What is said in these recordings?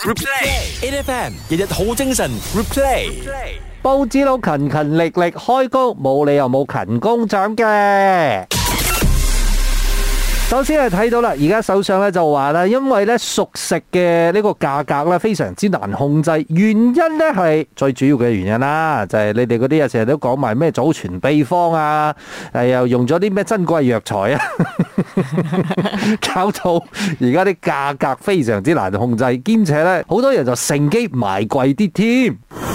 Replay，A F M 日日好精神。Replay，報紙佬勤勤力力開工，冇理由冇勤工獎嘅。首先係睇到啦，而家首相咧就話咧，因為咧熟食嘅呢個價格咧非常之難控制，原因咧係最主要嘅原因啦，就係你哋嗰啲啊成日都講埋咩祖傳秘方啊，誒又用咗啲咩珍貴藥材啊， 搞到而家啲價格非常之難控制，兼且咧好多人就乘機賣貴啲添。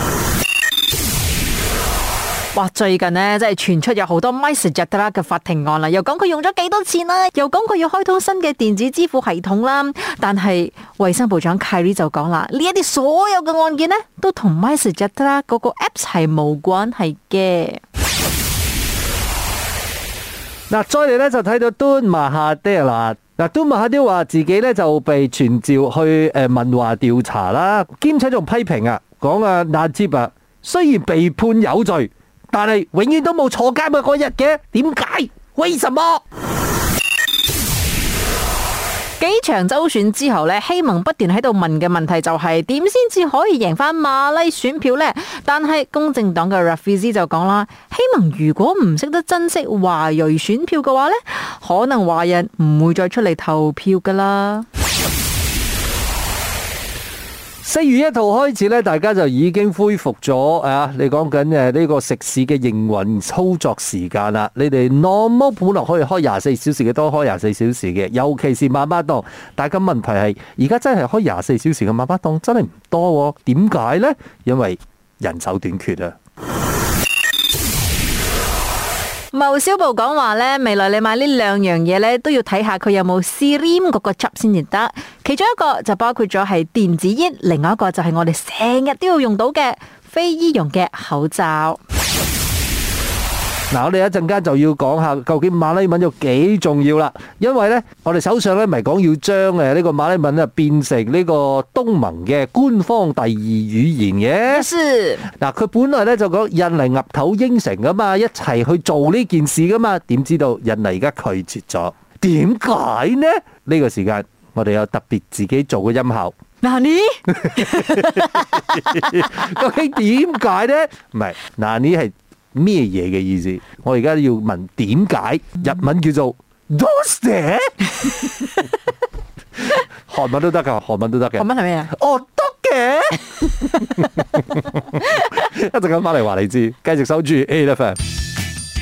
哇！最近呢，真係傳出有好多 MySejahtera 嘅法庭案啦，又講佢用咗幾多錢啦，又講佢要開通新嘅電子支付系統啦。但係衛生部長 Khairy 就講啦，呢一啲所有嘅案件呢，都同 MySejahtera 嗰個 Apps 係冇關係嘅。嗱，再嚟咧就睇到 Tun Mahathir 啦，嗱 Tun Mahathir 話自己呢，就被傳召去誒問話調查啦，兼且仲批評啊，講啊 Najib 啊，雖然被判有罪。但係永遠都冇坐監嘅嗰日嘅，點解？為什麼？什麼幾場州選之後呢希盟不斷喺度問嘅問題就係點先至可以贏返馬拉選票呢？但係公正黨嘅 Rafizi 就講啦，希盟如果唔識得珍惜華裔選票嘅話呢可能華人唔會再出嚟投票噶啦。四月一號開始咧，大家就已經恢復咗啊！你講緊誒呢個食肆嘅營運操作時間啦。你哋那麼本來可以開廿四小時嘅，都開廿四小時嘅，尤其是嘛嘛檔。但係個問題係，而家真係開廿四小時嘅嘛嘛檔真係唔多，點解呢？因為人手短缺啊。貿消部講話咧，未來你買呢兩樣嘢咧，都要睇下佢有冇 SIRIM 嗰個 chop 先至得。其中一個就包括咗係電子煙，另外一個就係我哋成日都要用到嘅非醫用嘅口罩。嗱，我哋一陣間就要講下究竟馬來文有幾重要啦，因為咧，我哋手上咧唔係講要將誒呢個馬來文啊變成呢個東盟嘅官方第二語言嘅。是。嗱，佢本來咧就講印尼岌頭應承噶嘛，一齊去做呢件事噶嘛，點知道印尼而家拒絕咗？點解呢？呢個時間我哋有特別自己做嘅音效。納尼？究竟點解呢？唔係，納尼係？咩嘢嘅意思？我而家要問點解日文叫做 dooster？韓文都得嘅，韓文都得嘅。韓文係咩啊？惡毒嘅。一陣間翻嚟話你知，繼續收住 A 啦份。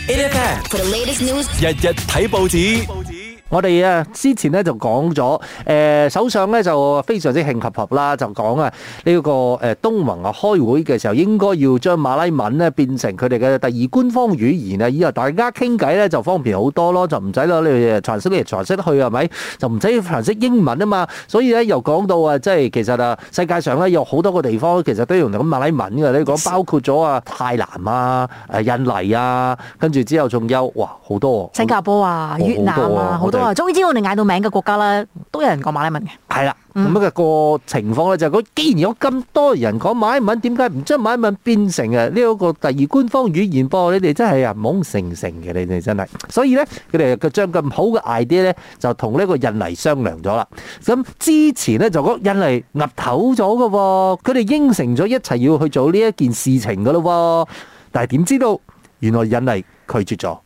A 啦份。For the latest news，日日睇報紙。我哋啊之前咧就講咗，誒首相咧就非常之慶合合啦，就講啊呢個誒東盟啊開會嘅時候應該要將馬拉文咧變成佢哋嘅第二官方語言啊，以後大家傾偈咧就方便好多咯，就唔使攞你樣才識嚟樣才識去係咪？就唔使才識英文啊嘛，所以咧又講到啊，即係其實啊世界上咧有好多個地方其實都用緊馬拉文嘅，你講包括咗啊泰南啊、誒印尼啊，跟住之後仲有哇好多新、啊、加坡啊、哦、越南啊好多啊。啊，終於知道我哋嗌到名嘅國家咧，都有人講馬拉文嘅。係啦，咁嘅個情況咧就係佢既然有咁多人講馬拉文，點解唔將馬拉文變成啊呢一個第二官方語言噃？你哋真係啊懵成成嘅，你哋真係。所以咧，佢哋個將咁好嘅 idea 咧，就同呢個印尼商量咗啦。咁之前咧就講印尼岌頭咗嘅喎，佢哋應承咗一齊要去做呢一件事情嘅咯喎。但係點知道原來印尼拒絕咗。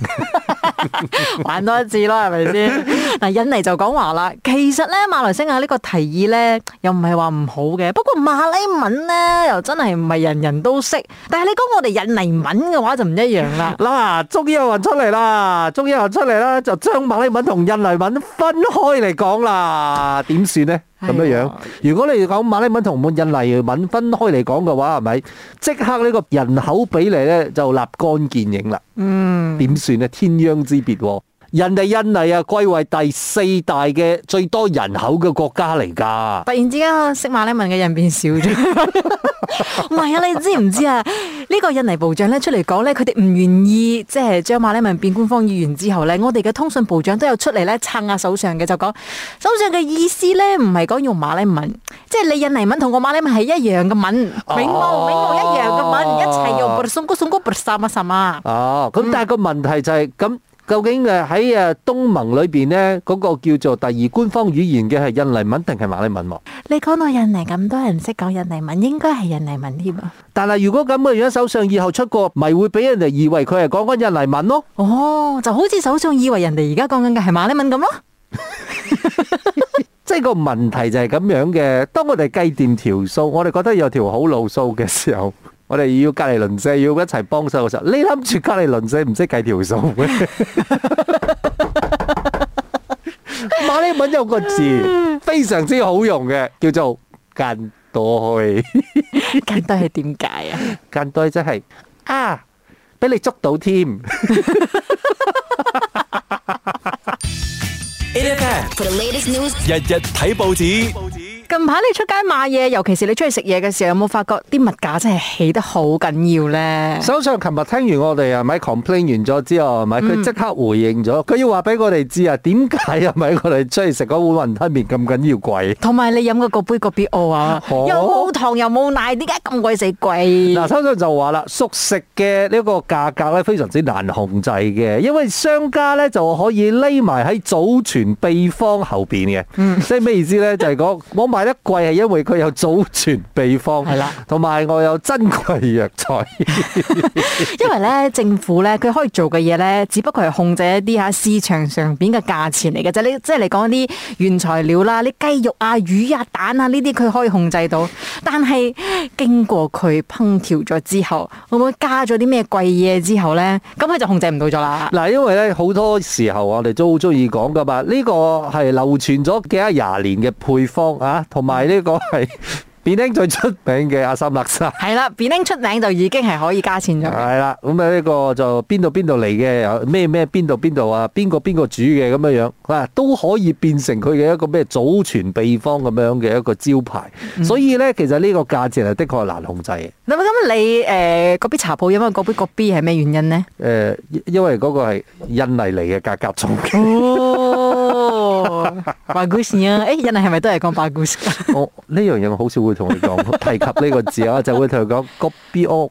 玩多一次啦，係咪先？嗱， 印尼就講話啦，其實咧馬來西亞呢個提議咧又唔係話唔好嘅，不過馬來文咧又真係唔係人人都識，但係你講我哋印尼文嘅話就唔一樣啦。嗱、 啊，終於有人出嚟啦，終於有人出嚟啦，就將馬來文同印尼文分開嚟講啦，點算呢？ 咁樣樣，如果你講馬來文同印尼文分開嚟講嘅話，係咪即刻呢個人口比例咧就立竿見影啦？點算咧？天壤之別喎！人哋印尼啊，歸為第四大嘅最多人口嘅國家嚟噶。突然之間識馬來文嘅人變少咗，唔 係 啊！你知唔知啊？呢、這個印尼部長咧出嚟講咧，佢哋唔願意即係將馬來文變官方語言之後咧，我哋嘅通訊部長都有出嚟咧撐下首相嘅，就講首相嘅意思咧唔係講用馬來文，即、就、係、是、你印尼文同我馬來文係一樣嘅文，永貌、啊、一樣嘅文，一齊用。不咁、啊、但係個問題就係、是、咁。嗯嗯究竟誒喺誒東盟裏邊咧，嗰個叫做第二官方語言嘅係印尼文定係馬來文喎？你講到印尼咁多人唔識講印尼文，應該係印尼文添啊！但係如果咁嘅樣，首相以後出國，咪會俾人哋以為佢係講緊印尼文咯？哦，就好似首相以為人哋而家講緊嘅係馬來文咁咯？即係個問題就係咁樣嘅。當我哋計掂條數，我哋覺得有條好路數嘅時候。 我哋要隔籬鄰舍要一齊幫手嘅時候，你諗住隔籬鄰舍唔識計條數嘅？馬來文有個字非常之好用嘅，叫做間袋。間袋係點解啊？間袋即係啊，俾你捉到添。日日睇報紙。近排你出街買嘢，尤其是你出去食嘢嘅時候，有冇發覺啲物價真係起得好緊要呢？首相，琴日聽完我哋啊，咪 complain 完咗之後，咪佢即刻回應咗，佢、嗯、要話俾我哋知 啊，點解、哦、啊？咪我哋出去食嗰碗雲吞麵咁緊要貴？同埋你飲嗰個杯 kopi O 啊，又冇糖又冇奶，點解咁鬼死貴？嗱，首相就話啦，熟食嘅呢個價格咧，非常之難控制嘅，因為商家咧就可以匿埋喺祖傳秘方後邊嘅，即係咩意思呢？就係講，賣得貴係因為佢有祖傳秘方，係啦的，同埋我有珍貴藥材。 因為咧，政府咧，佢可以做嘅嘢咧，只不過係控制一啲吓市場上邊嘅價錢嚟嘅啫。你即係嚟講啲原材料啦，啲雞肉啊、魚啊、蛋啊呢啲，佢可以控制到。但係經過佢烹調咗之後，會唔會加咗啲咩貴嘢之後咧？咁佢就控制唔到咗啦。嗱，因為咧好多時候我哋都好中意講噶嘛，呢、這個係流傳咗幾啊廿年嘅配方啊！同埋呢個係 Penang 最出名嘅阿三勒沙， 係啦 Penang 出名就已經係可以加錢咗。係啦，咁啊呢個就邊度邊度嚟嘅，又咩咩邊度邊度啊，邊個邊個煮嘅咁樣樣，啊都可以變成佢嘅一個咩祖傳秘方咁樣嘅一個招牌。嗯、所以咧，其實呢個價錢係的確係難控制嘅。咁啊咁啊，你誒嗰杯茶鋪因為嗰杯個 B 係咩原因咧？誒、呃，因為嗰個係印尼嚟嘅價格重、 哦。哦，白故事啊！誒，人係咪都係講白故事？我呢樣嘢我好少會同佢講，提及呢個字啊， 就會同佢講個 B O。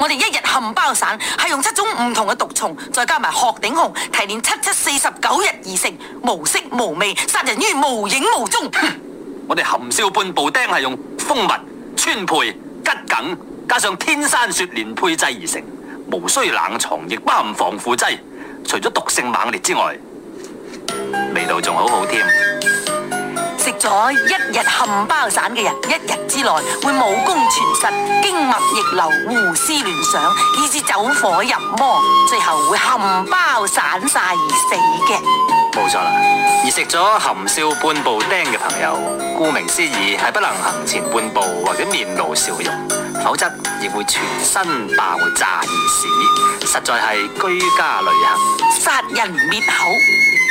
我哋一日含包散係用七種唔同嘅毒蟲，再加埋鶴頂紅提煉七七四十九日而成，無色無味，殺人於無影無蹤。我哋含笑半步釘係用蜂蜜、川貝、桔梗，加上天山雪蓮配製而成，無需冷藏，亦不含防腐劑。除咗毒性猛烈之外，味道仲好好添。咗一日含包散嘅人，一日之內會武功全失，經脈逆流，胡思亂想，以致走火入魔，最後會含包散曬而死嘅。冇錯啦，而食咗含笑半步釘嘅朋友，顧名思義係不能行前半步或者面露笑容，否則亦會全身爆炸而死。實在係居家旅行，殺人滅口，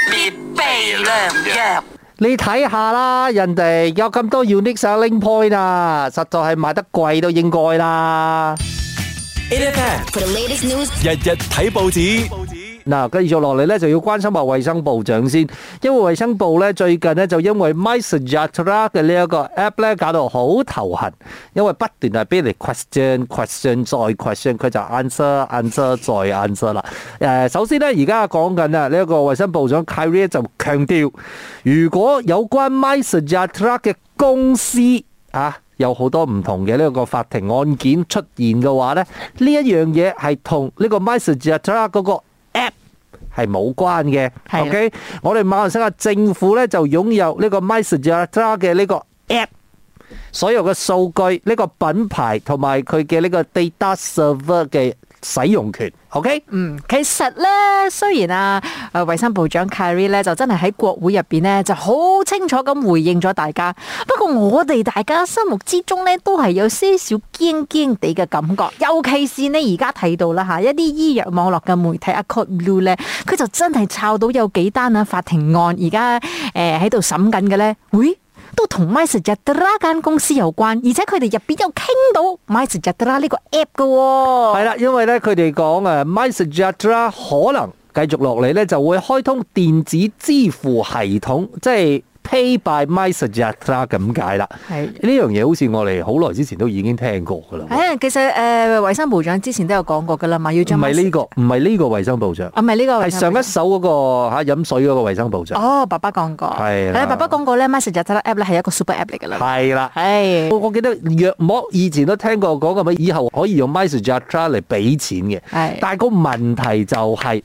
必備良藥。你睇下啦，人哋有咁多 unique link point 啊，實在係賣得貴都應該啦。日日睇報紙。報紙嗱，跟住落嚟咧，就要關心下衞生部長先，因為衞生部咧最近咧就因為 MySejahtera 嘅呢一個 app 咧搞到好頭痕，因為不斷係俾嚟 question question 再 question，佢就 answer answer 再 answer 啦。誒、呃，首先咧而家講緊啊呢一個衞生部長 Khairy 就強調，如果有關 MySejahtera 嘅公司啊有好多唔同嘅呢一個法庭案件出現嘅話咧，呢一樣嘢係同呢個 MySejahtera 嗰、那個。係冇關嘅的，OK？我哋馬來西亞政府咧就擁有呢個 MySejahtera 嘅呢個 app，所有嘅數據呢、呢個品牌同埋佢嘅呢個 data server 嘅。使用權，OK？嗯，其實咧，雖然啊，誒，衛生部長 Carrie 咧就真係喺國會入邊咧就好清楚咁回應咗大家。不過我哋大家心目之中咧都係有些少驚驚地嘅感覺，尤其是呢，而家睇到啦吓，啊，一啲醫藥網絡嘅媒體 Code，啊，Blue 咧，佢就真係抄到有幾單啊法庭案，而家誒喺度審緊嘅咧，會。哎都同 MySejahtera 間公司有關，而且佢哋入邊有傾到 MySejahtera 呢個 app 嘅喎、哦。係啦，因為咧佢哋講啊，MySejahtera 可能繼續落嚟咧就會開通電子支付系統，即係。pay by MySajatra 咁解啦，係呢樣嘢好似我哋好耐之前都已經聽過噶啦。誒，其實誒，衞生部長之前都有講過噶啦嘛，要做。唔係呢個，唔係呢個衞生部長。啊，唔係呢個，係上一首嗰個嚇飲水嗰個衞生部長。哦，爸爸講過。係。係爸爸講過咧，MySajatra app 咧係一個 super app 嚟噶啦。係啦。係。我我記得藥剝以前都聽過講嘅咪，以後可以用 MySajatra 嚟俾錢嘅。係。但係個問題就係，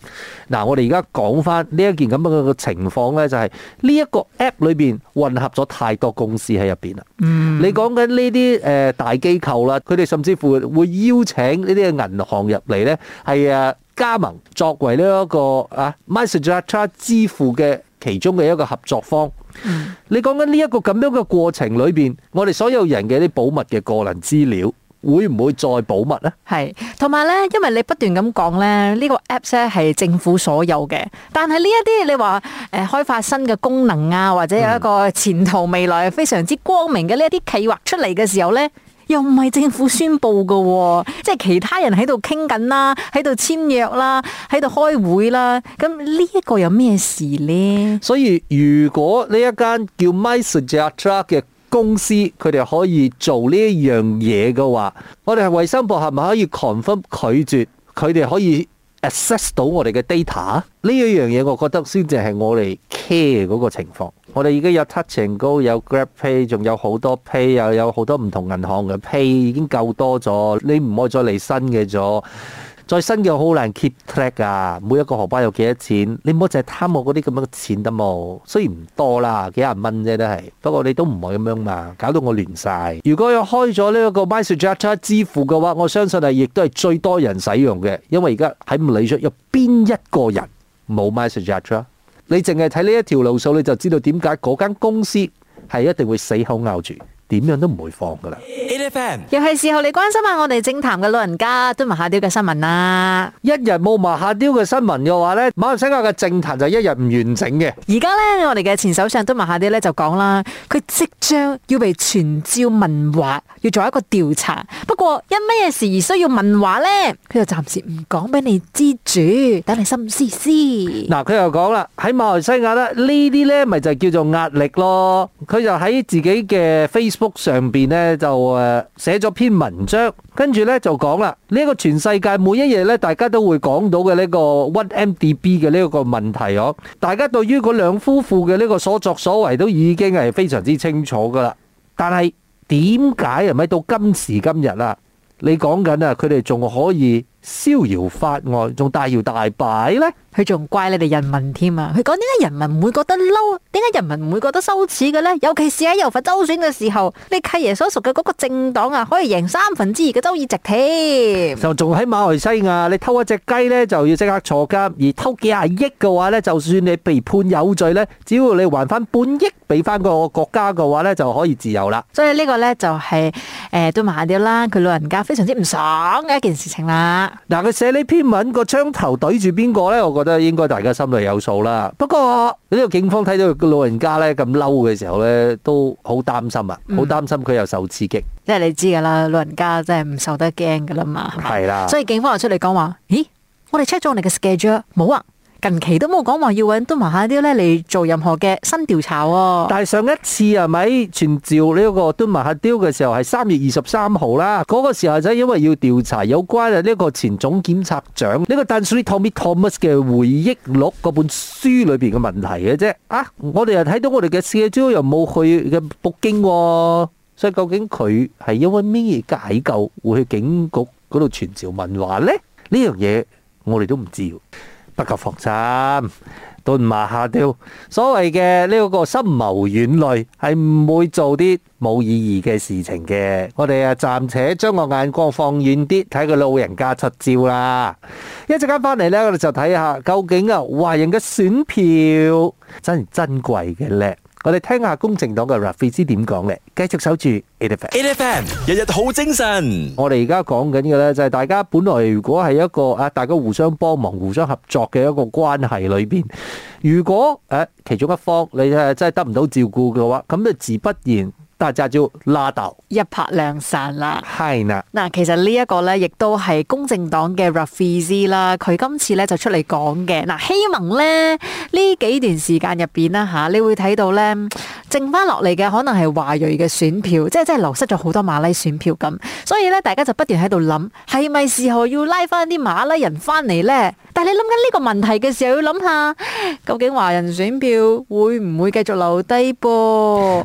嗱，我哋而家講翻呢一件咁樣嘅情況咧，就係呢一個 app 裏。裏邊混合咗太多公司喺入邊啦。嗯，你講緊呢啲誒大機構啦，佢哋甚至乎會邀請呢啲嘅銀行入嚟咧，係誒加盟作為呢一個啊，mastercard 支付嘅其中嘅一個合作方。嗯，你講緊呢一個咁樣嘅過程裏邊，我哋所有人嘅啲保密嘅個人資料。會唔會再保密咧？係同埋呢，因為你不斷咁講呢，呢、這個 apps 咧係政府所有嘅。但係呢一啲你話誒、呃、開發新嘅功能啊，或者有一個前途未來非常之光明嘅呢一啲企劃出嚟嘅時候呢，又唔係政府宣布嘅，哦，即係其他人喺度傾緊啦，喺度簽約啦，啊，喺度開會啦，啊。咁呢一個有咩事呢？所以如果呢一間叫 MySejahtera 嘅。公司佢哋可以做呢一樣嘢嘅話，我哋係衛生部係咪可以 confirm 拒絕佢哋可以 access 到我哋嘅 data 呢一樣嘢？我覺得先至係我哋 care 嗰個情況，我哋已經有 Touch 'n Go，有 grab pay，仲有好多 pay，又有好多唔同銀行嘅 pay 已經夠多咗，你唔可以再嚟新嘅咗。再新嘅好難 keep track 啊，每一個荷包有幾多錢，你唔好淨係貪我嗰啲咁樣嘅錢得冇？雖然唔多啦，幾廿蚊啫都係，不過你都唔係咁樣嘛，搞到我亂晒。如果我開咗呢一個 message app 支付嘅話，我相信係亦都係最多人使用嘅，因為而家喺唔理出有邊一個人冇 message app，你淨係睇呢一條路數，你就知道點解嗰間公司係一定會死口咬住。點樣都唔會放噶啦，又係時候你關心下我哋政壇嘅老人家，敦馬哈迪嘅新聞啦。一日冇馬哈迪嘅新聞嘅話咧，馬來西亞嘅政壇就一日唔完整嘅。而家咧，我哋嘅前首相敦馬哈迪咧就講啦，佢即將要被傳召問話，要做一個調查。不過因咩事而需要問話咧，佢就暫時唔講俾你知住，等你心思思。嗱，佢又講啦，喺馬來西亞咧呢啲咧咪就叫做壓力咯。佢就喺自己嘅飛。Facebook 上邊咧就誒寫咗篇文章，跟住咧就講啦，呢、這個全世界每一日咧，大家都會講到嘅呢個 1MDB 嘅呢個問題嗬，大家對於嗰兩夫婦嘅呢個所作所為都已經係非常之清楚噶啦，但係點解係咪到今時今日啦，你講緊啊，佢哋仲可以？逍遙法外仲大搖大擺呢？佢仲怪你哋人民添啊！佢講，點解人民唔會覺得嬲，點解人民唔會覺得羞恥嘅呢？尤其是喺柔佛州選嘅時候，你契爺所屬嘅嗰個政黨啊，可以贏三分之二嘅州議席添，啊。就仲喺馬來西亞，你偷一隻雞呢，就要即刻坐監，而偷幾廿億嘅話呢，就算你被判有罪呢，只要你還翻半億俾翻個國家嘅話呢，就可以自由啦。所以呢個呢，就是，就係誒都麻掉啦，佢老人家非常之唔爽嘅一件事情啦。嗱，佢、啊、寫呢篇文個槍頭對住邊個咧？我覺得應該大家心裏有數啦。不過呢個警方睇到個老人家咧咁嬲嘅時候咧，都好擔心啊，好擔心佢又受刺激。嗯嗯、即係你知㗎啦，老人家真係唔受得驚㗎啦嘛。係啦，所以警方又出嚟講話：咦，我哋 check 咗我哋嘅 schedule，冇啊。近期都冇講話要搵敦馬哈迪咧嚟做任何嘅新調查喎、哦。但係上一次係咪傳召呢一個敦馬哈迪嘅時候係三月二十三號啦？嗰，那個時候就係因為要調查有關啊呢個前總檢察長呢、這個 Tommy Thomas 嘅回憶錄嗰本書裏邊嘅問題嘅啫。啊，我哋又睇到我哋嘅社招又冇去嘅北京、啊，所以究竟佢係因為咩解救會去警局嗰度傳召文華咧？呢樣嘢我哋都唔知。不夠防身，蹲馬下跳。所謂嘅呢一個深謀遠慮，係唔會做啲冇意義嘅事情嘅。我哋啊，暫且將個眼光放遠啲，睇個老人家出招啦。一陣間翻嚟呢，我哋就睇下究竟啊，華人嘅選票真係珍貴嘅呢。我哋聽下公正黨嘅 Rafizi 點講嘅。繼續守住 a t v a t 日日好精神。我哋而家講緊嘅咧就係大家本來如果係一個啊，大家互相幫忙、互相合作嘅一個關係裏邊，如果誒、啊、其中一方你真係得唔到照顧嘅話，咁咪自不然。就拉倒一拍兩散啦，係啦。嗱，其實呢一個咧，亦都係公正黨嘅 Rafizi 啦，佢今次咧就出嚟講嘅。嗱，希望咧呢幾段時間入邊啦吓，你會睇到咧剩翻落嚟嘅可能係華裔嘅選票，即係即係流失咗好多馬拉選票咁。所以咧，大家就不斷喺度諗，係咪時候要拉翻啲馬拉人翻嚟咧？但係你諗緊呢個問題嘅時候，要諗下究竟華人選票會唔會繼續留低噃？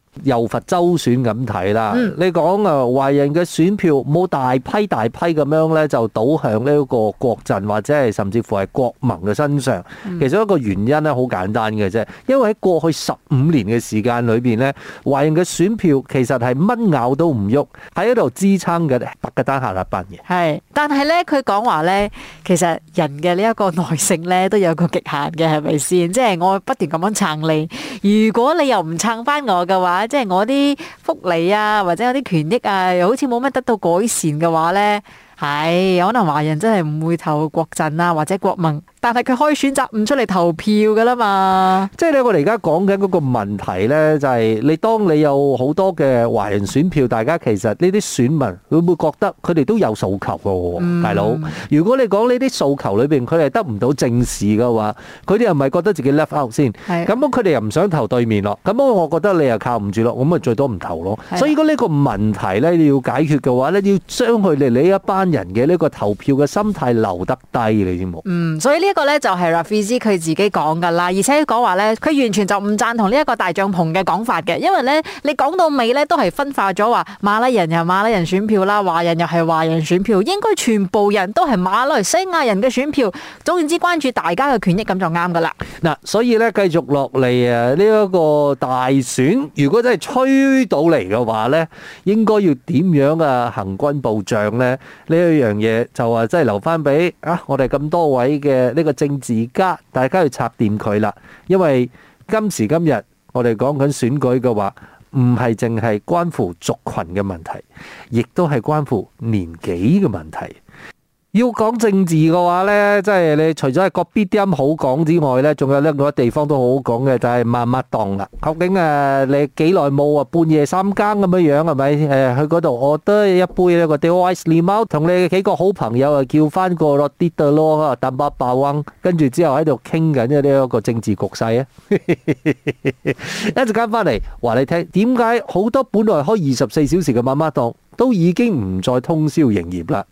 又佛周選咁睇啦。嗯、你講啊華人嘅選票冇大批大批咁樣咧，就倒向呢一個國陣或者係甚至乎係國盟嘅身上。嗯、其實一個原因咧，好簡單嘅啫，因為喺過去十五年嘅時間裏邊咧，華人嘅選票其實係乜咬都唔喐，喺嗰度支撐嘅白嘅單下立崩嘅。係、嗯，但係咧佢講話咧，其實人嘅呢一個耐性咧都有個極限嘅，係咪先？即、就、係、是、我會不斷咁樣撐你，如果你又唔撐翻我嘅話。即係我啲福利啊，或者有啲權益啊，又好似冇乜得到改善嘅話咧，係、哎、可能華人真係唔會投國陣啊，或者國盟。但係佢可以選擇唔出嚟投票噶啦嘛？即係咧，我哋而家講緊嗰個問題咧，就係、是、你當你有好多嘅華人選票，大家其實呢啲選民會唔會覺得佢哋都有訴求嘅？大佬、嗯，如果你講呢啲訴求裏邊佢係得唔到正視嘅話，佢哋又咪覺得自己 left out 先是？係咁佢哋又唔想投對面咯？咁我覺得你又靠唔住咯，咁咪最多唔投咯。的所以如果呢個問題咧你要解決嘅話咧，要將佢哋呢一班人嘅呢個投票嘅心態留得低你知冇。嗯，所以呢、這個。呢個呢，就係啦，Rafizi 佢自己講噶啦，而且講話呢，佢完全就唔贊同呢一個大帳篷嘅講法嘅，因為呢，你講到尾呢，都係分化咗話馬來人又馬來人選票啦，華人又係華人選票，應該全部人都係馬來西亞人嘅選票，總言之關注大家嘅權益咁就啱噶啦。嗱、啊，所以呢，繼續落嚟啊，呢、這、一個大選如果真係吹到嚟嘅話該、啊、呢，應該要點樣啊行軍布將呢，呢一樣嘢就啊真係留翻俾啊我哋咁多位嘅。一個政治家，大家要插電佢啦，因為今時今日我哋講緊選舉嘅話，唔係淨係關乎族群嘅問題，亦都係關乎年紀嘅問題。要講政治嘅話呢，即係你除咗係個 B D 好講之外呢，仲有另一個地方都好講嘅，就係媽媽檔啦。究竟誒、呃，你幾耐冇啊？半夜三更咁樣樣係咪？誒、呃，去嗰度我得一杯咧、這個 Teh Ais Limau 同你幾個好朋友啊，叫翻個咯，啲哆八百溫，跟住之後喺度傾緊呢一個政治局勢啊！ 一陣間翻嚟話你聽，點解好多本來開二十四小時嘅媽媽檔都已經唔再通宵營業啦？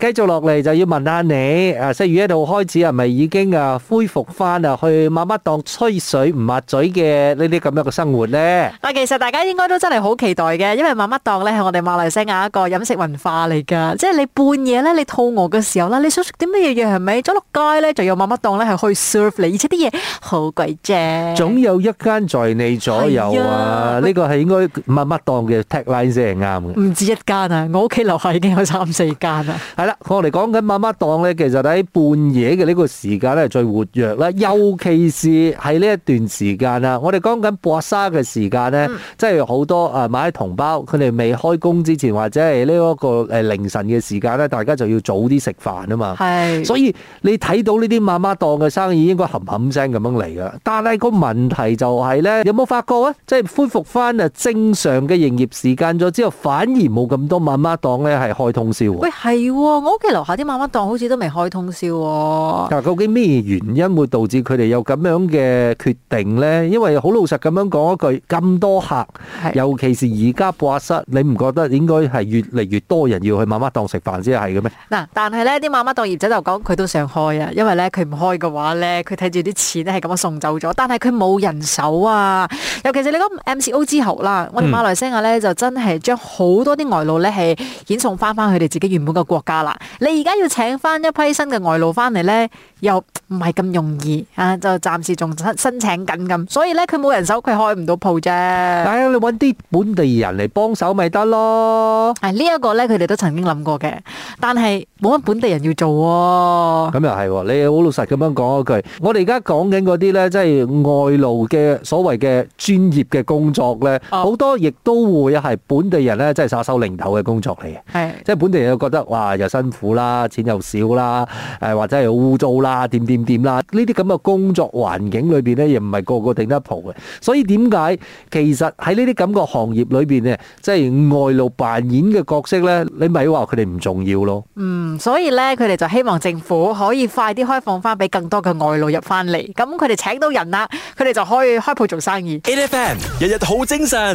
繼續落嚟就要問下你，啊四月一號開始係咪已經啊恢復翻啊去媽媽檔吹水唔抹嘴嘅呢啲咁樣嘅生活咧？啊，其實大家應該都真係好期待嘅，因為媽媽檔咧係我哋馬來西亞一個飲食文化嚟噶，即係你半夜咧你肚餓嘅時候啦，你想食啲咩嘢嘢係咪？走落街咧就有媽媽檔咧係去 serve 你，而且啲嘢好鬼正。總有一間在你左右啊！呢個係應該媽媽檔嘅 tagline 先係啱嘅。唔止一間啊！我屋企樓下已經有三四間啦。係啦。我哋講緊媽媽檔咧，嗯嗯、其實喺半夜嘅呢個時間咧最活躍啦，尤其是喺呢一段時間啊。我哋講緊薄沙嘅時間咧，嗯、即係好多啊，買同胞佢哋未開工之前或者係呢一個誒凌晨嘅時間咧，大家就要早啲食飯啊嘛。係是，所以你睇到呢啲媽媽檔嘅生意應該冚冚聲咁樣嚟噶。但係個問題就係、是、咧，有冇發覺啊？即係恢復翻啊正常嘅營業時間咗之後，反而冇咁多媽媽檔咧係開通宵。喂，係喎。我屋企樓下啲嘛嘛檔好似都未開通宵喎。但究竟咩原因會導致佢哋有咁樣嘅決定咧？因為好老實咁樣講一句，咁多客，尤其是而家博亞室，你唔覺得應該係越嚟越多人要去嘛嘛檔食飯先係嘅咩？嗱，但係咧啲嘛嘛檔業者就講佢都想開啊，因為咧佢唔開嘅話咧，佢睇住啲錢係咁樣送走咗，但係佢冇人手啊。尤其是你講 MCO 之後啦，我哋馬來西亞咧就真係將好多啲外勞咧係遣送翻翻佢哋自己原本嘅國家啦。你而家要請翻一批新嘅外勞翻嚟咧？又唔係咁容易啊！就暫時仲申申請緊咁，所以咧佢冇人手，佢開唔到鋪啫。誒，你揾啲本地人嚟幫手咪得咯。係呢一個咧，佢哋都曾經諗過嘅，但係冇乜本地人要做喎。咁又係，你好老實咁樣講一句，我哋而家講緊嗰啲咧，即係外勞嘅所謂嘅專業嘅工作咧，好多亦都會係本地人咧，即係收收零頭嘅工作嚟嘅。係，即係本地人又覺得哇，又辛苦啦，錢又少啦，誒或者係污糟啦。啊！掂掂掂啦！呢啲咁嘅工作環境裏邊呢，又唔係個個頂得抱嘅。所以點解其實喺呢啲咁嘅行業裏邊呢，即係外勞扮演嘅角色呢，你咪話佢哋唔重要咯？嗯，所以呢，佢哋就希望政府可以快啲開放翻俾更多嘅外勞入翻嚟。咁佢哋請到人啦，佢哋就可以開鋪做生意。N F N 日日好精神。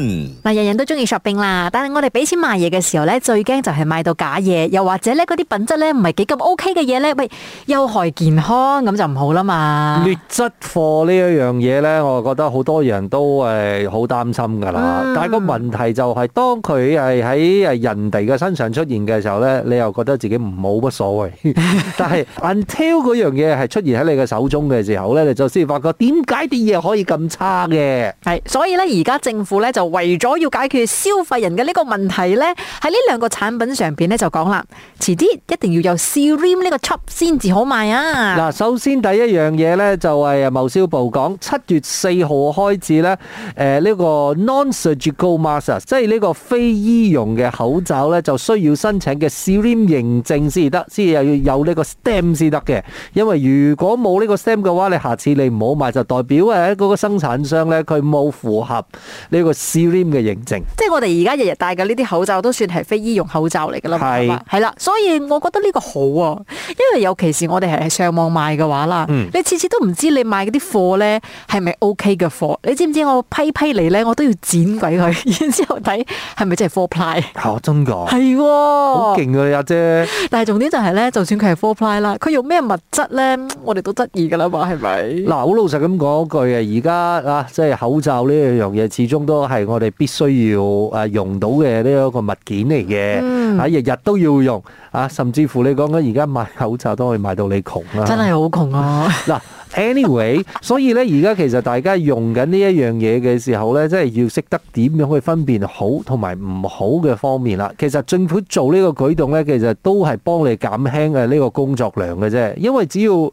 人人都中意 shopping 啦，但係我哋俾錢買嘢嘅時候呢，最驚就係買到假嘢，又或者呢嗰啲品質呢、ok，唔係幾咁 O K 嘅嘢呢。喂，有害健康咁就唔好啦嘛！劣質貨呢一樣嘢咧，我覺得好多人都誒好擔心噶啦。但係個問題就係，當佢係喺誒人哋嘅身上出現嘅時候咧，你又覺得自己冇乜所謂。但係 until 嗰樣嘢係出現喺你嘅手中嘅時候咧，你就先發覺點解啲嘢可以咁差嘅。係，所以咧而家，政府咧就為咗要解決消費人嘅呢個問題咧，喺呢兩個產品上邊咧就講啦，遲啲一定要有 SIRIM 呢個 chop 先至好賣啊！嗱，首先第一樣嘢咧就係啊貿消部講七月四號開始咧，誒呢個 non surgical masks，即係呢個非醫用嘅口罩咧，就需要申請嘅 SIRIM 認證先得，先至要有呢個 s t e m 先得嘅。因為如果冇呢個 s t e m 嘅話，你下次你唔好賣，就代表誒個生產商咧，佢冇符合呢個 SIRIM 嘅認證。即係我哋而家日日戴嘅呢啲口罩都算係非醫用口罩嚟㗎啦，係啦，所以我覺得呢個好啊，因為尤其是我哋係喺上網，我賣嘅話啦，嗯、你次次都唔知你賣嗰啲貨咧係咪 O K 嘅貨？你知唔知我批批嚟咧，我都要剪鬼佢，然之後睇係咪真係 Four Ply？吓真噶係，好勁啊阿姐。但係重點就係、是、咧，就算佢係 Four Ply 啦，佢用咩物質咧，我哋都質疑噶啦嘛，係咪？嗱、啊，好老實咁講句嘅，而家啊，即係口罩呢樣嘢，始終都係我哋必須要誒用到嘅呢一個物件嚟嘅，嗯、啊，日日都要用。啊，甚至乎你講緊而家賣口罩都可以賣到你窮啦，啊，真係好窮啊！嗱。 Anyway，所以咧而家其實大家用緊呢一樣嘢嘅時候咧，即係要識得點樣去分辨好同埋唔好嘅方面啦。其實政府做呢個舉動咧，其實都係幫你減輕嘅呢個工作量嘅啫。因為只要佢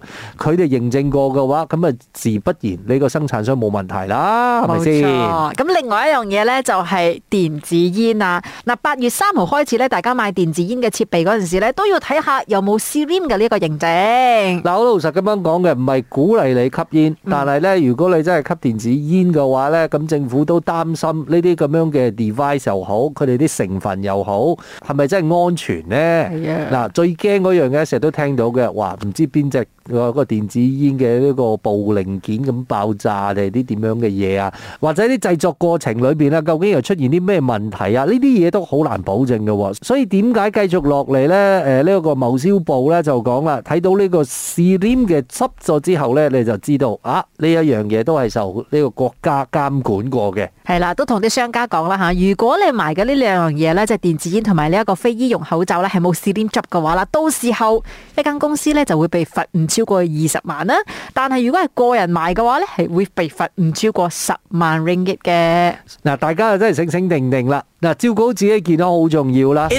哋認證過嘅話，咁啊自不然呢個生產商冇問題啦，係咪先？咁吧另外一樣嘢咧就係電子煙啊。嗱，八月三號開始咧，大家買電子煙嘅設備嗰陣時咧，都要睇下有冇 SIRIM 嘅呢個認證。嗱，好老實咁樣講嘅，唔係鼓鼓勵你吸煙，但係咧，如果你真係吸電子煙嘅話咧，咁政府都擔心呢啲咁樣嘅 device 又好，佢哋啲成分又好，係咪真係安全咧？嗱，最驚樣嘅，成日都聽到嘅，話唔知邊隻。個個電子煙嘅呢個布零件，咁爆炸定係啲點樣嘅嘢啊？或者啲製作過程裏邊啊，究竟又出現啲咩問題啊？呢啲嘢都好難保證嘅。哦，所以點解繼續落嚟咧？誒、呃，這個、部呢一個貿消部咧就講啦，睇到呢個試黏嘅濕咗之後咧，你就知道啊，呢一樣嘢都係受呢個國家監管過嘅。係啦，都同啲商家講啦吓，如果你埋嘅呢兩樣嘢咧，即、就、係、是、電子煙同埋呢一個非醫用口罩咧，係冇試黏濕嘅話啦，到時候呢間公司咧就會被罰超過二十萬啦，但係如果係個人買嘅話咧，係會被罰唔超過十萬 ringgit 嘅。嗱，大家就真係醒醒定定啦，嗱，照顧好自己健康好重要啦。You're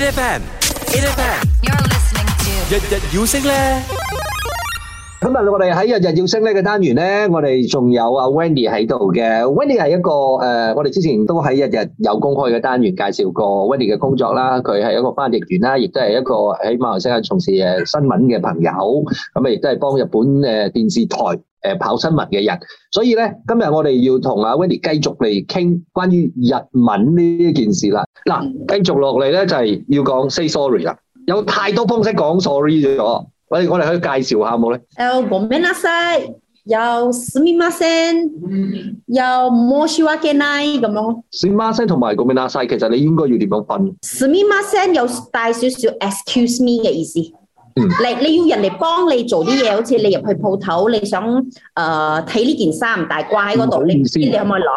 listening to 日日繞聲咧。咁啊，今日我哋喺日日要升呢個單元咧，我哋仲有阿 Wendy 喺度嘅。Wendy 係一個誒，我哋之前都喺日日有公開嘅單元介紹過 Wendy 嘅工作啦。佢係一個翻譯員啦，亦都係一個喺馬來西亞從事誒新聞嘅朋友。咁啊，亦都係幫日本誒電視台誒跑新聞嘅人。所以咧，今日我哋要同阿 Wendy 繼續嚟傾關於日文呢一件事啦。嗱，繼續落嚟咧，就係要講 say sorry 啦。有太多方式講 sorry 咗。我我哋可以介紹下冇咧？誒，Gomennasai，又 Sumimasen，又 Moshiwakenai 咁樣。Sumimasen 同埋 Gomennasai，其實你應該要點樣分？Sumimasen 有帶少少 excuse me 嘅意思。嗯，嚟你要人哋幫你做啲嘢，好似你入去鋪頭，你想誒睇呢件衫，但係掛喺嗰度，呢啲你可唔可以攞？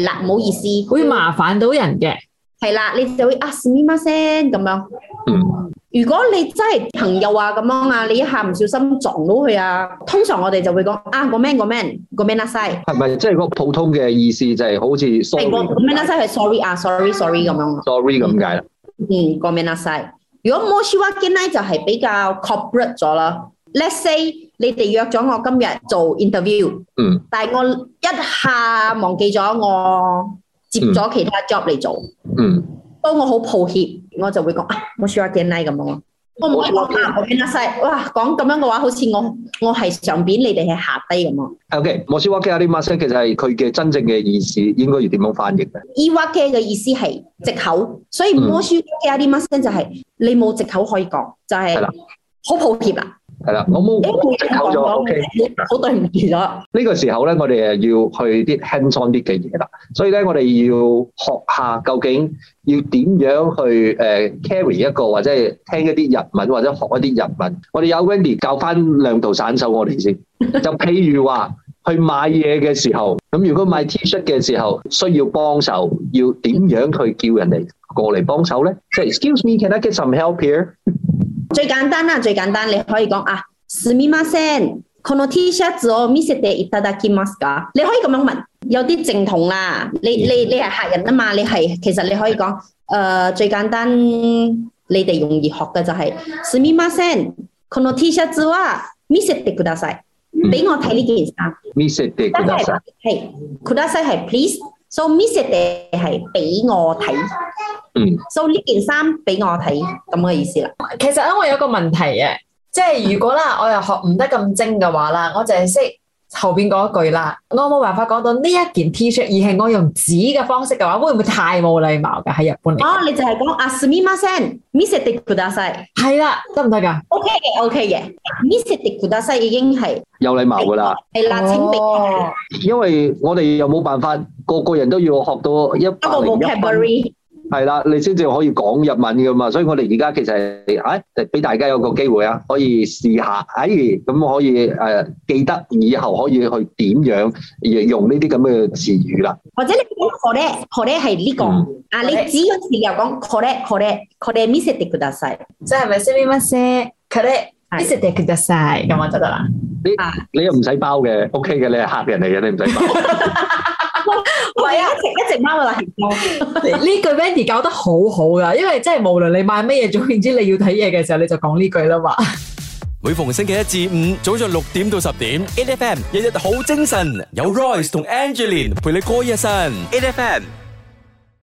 係啦，唔好意思。會麻煩到人嘅。係啦，你就會啊 Sumimasen 咁樣。嗯。如果你真係朋友啊，咁樣啊，你一下唔小心撞到佢啊，通常我哋就會講啊，個咩個咩個咩啦曬，係咪，即係個普通嘅意思就係好似 sorry 個咩啦曬，係 sorry 啊 sorry sorry 咁樣，sorry 咁解啦。嗯，個咩啦曬。如果冇事話，今日就係比較 corporate 咗啦。Let's say 你哋約咗我今日做 interview，嗯，但係我一下忘記咗我接咗其他 job 嚟、嗯、做，嗯。當我好抱歉，我就會講啊，莫說話嘅 nice 咁咯。我冇錯啊，莫說話哇，講咁樣嘅話，好似我我係上邊，你哋係下低咁咯。OK，莫說話嘅啊啲 message 其實係佢嘅真正嘅意思，應該要點樣翻譯咧？伊話嘅意思係借口，所以莫說話嘅啊啲 message 就係、是、你冇借口可以講，就係、是、好的抱歉啦。係啦，我冇講，好，OK、對唔住啦。呢個時候咧，我哋誒要去啲輕鬆啲嘅嘢啦。所以咧，我哋要學下究竟要點樣去誒 carry 一個，或者聽一啲日文，或者學一啲日文。我哋有 Wendy 教翻兩道散手我哋先。就譬如話 去買嘢嘅時候，咁如果買 T-shirt 嘅時候需要幫手，要點樣去叫人哋過嚟幫手咧？即係 Excuse me，can I get some help here？最簡單啦，最簡單，你可以講啊，すみません、この T シャツを見せてください。你可以咁樣問，有啲正統啦。你你你係客人啊嘛，你係其實你可以講，誒最簡單，你哋容易學嘅就係すみません、この T シャツを見せてください。俾我睇你件衫。見せてください。係，ください係 please。So，missed 嘅係俾我睇，so so 嗯，so 呢件衫俾我睇咁嘅意思啦。其實我有個問題啊，即係如果啦，我又學唔得咁精嘅話啦，我就係識。後邊嗰一句啦，我冇辦法講到呢一件 T-shirt，而係我用紙嘅方式嘅話，會唔會太冇禮貌嘅？喺日本哦、啊，你就係講啊，すみません，見せてください係啦，行行啊、okay, okay。得唔得㗎？OK 嘅，OK 嘅，見せてください已經係有禮貌㗎啦，係啦、哦，請俾，因為我哋又冇辦法個個人都要學到一一個 vocabulary 係啦，你先至可以講日文㗎嘛，所以我哋而家其實係，哎，俾大家有個機會啊，可以試下，哎，咁可以誒、呃，記得以後可以去點樣用呢啲咁嘅詞語啦。或者你講，これ，これ係呢、呢個，嗯、啊，你只要時又講，これ，これ，これ見せて，てください，即係唔使乜嘢，これ，見せてください，咁就得啦。你你又唔使包嘅，OK 嘅，你係客人嚟嘅，你唔使包。 係啊，一一直掹我嚟做。呢 句 Vandy 教得好好噶，因為即係無論你買乜嘢，總然之你要睇嘢嘅時候，你就講呢句啦嘛。每逢星期一至五，早上六點到十點，8FM，日日好精神，有 Royce 同 Angeline 陪你過一生，8FM。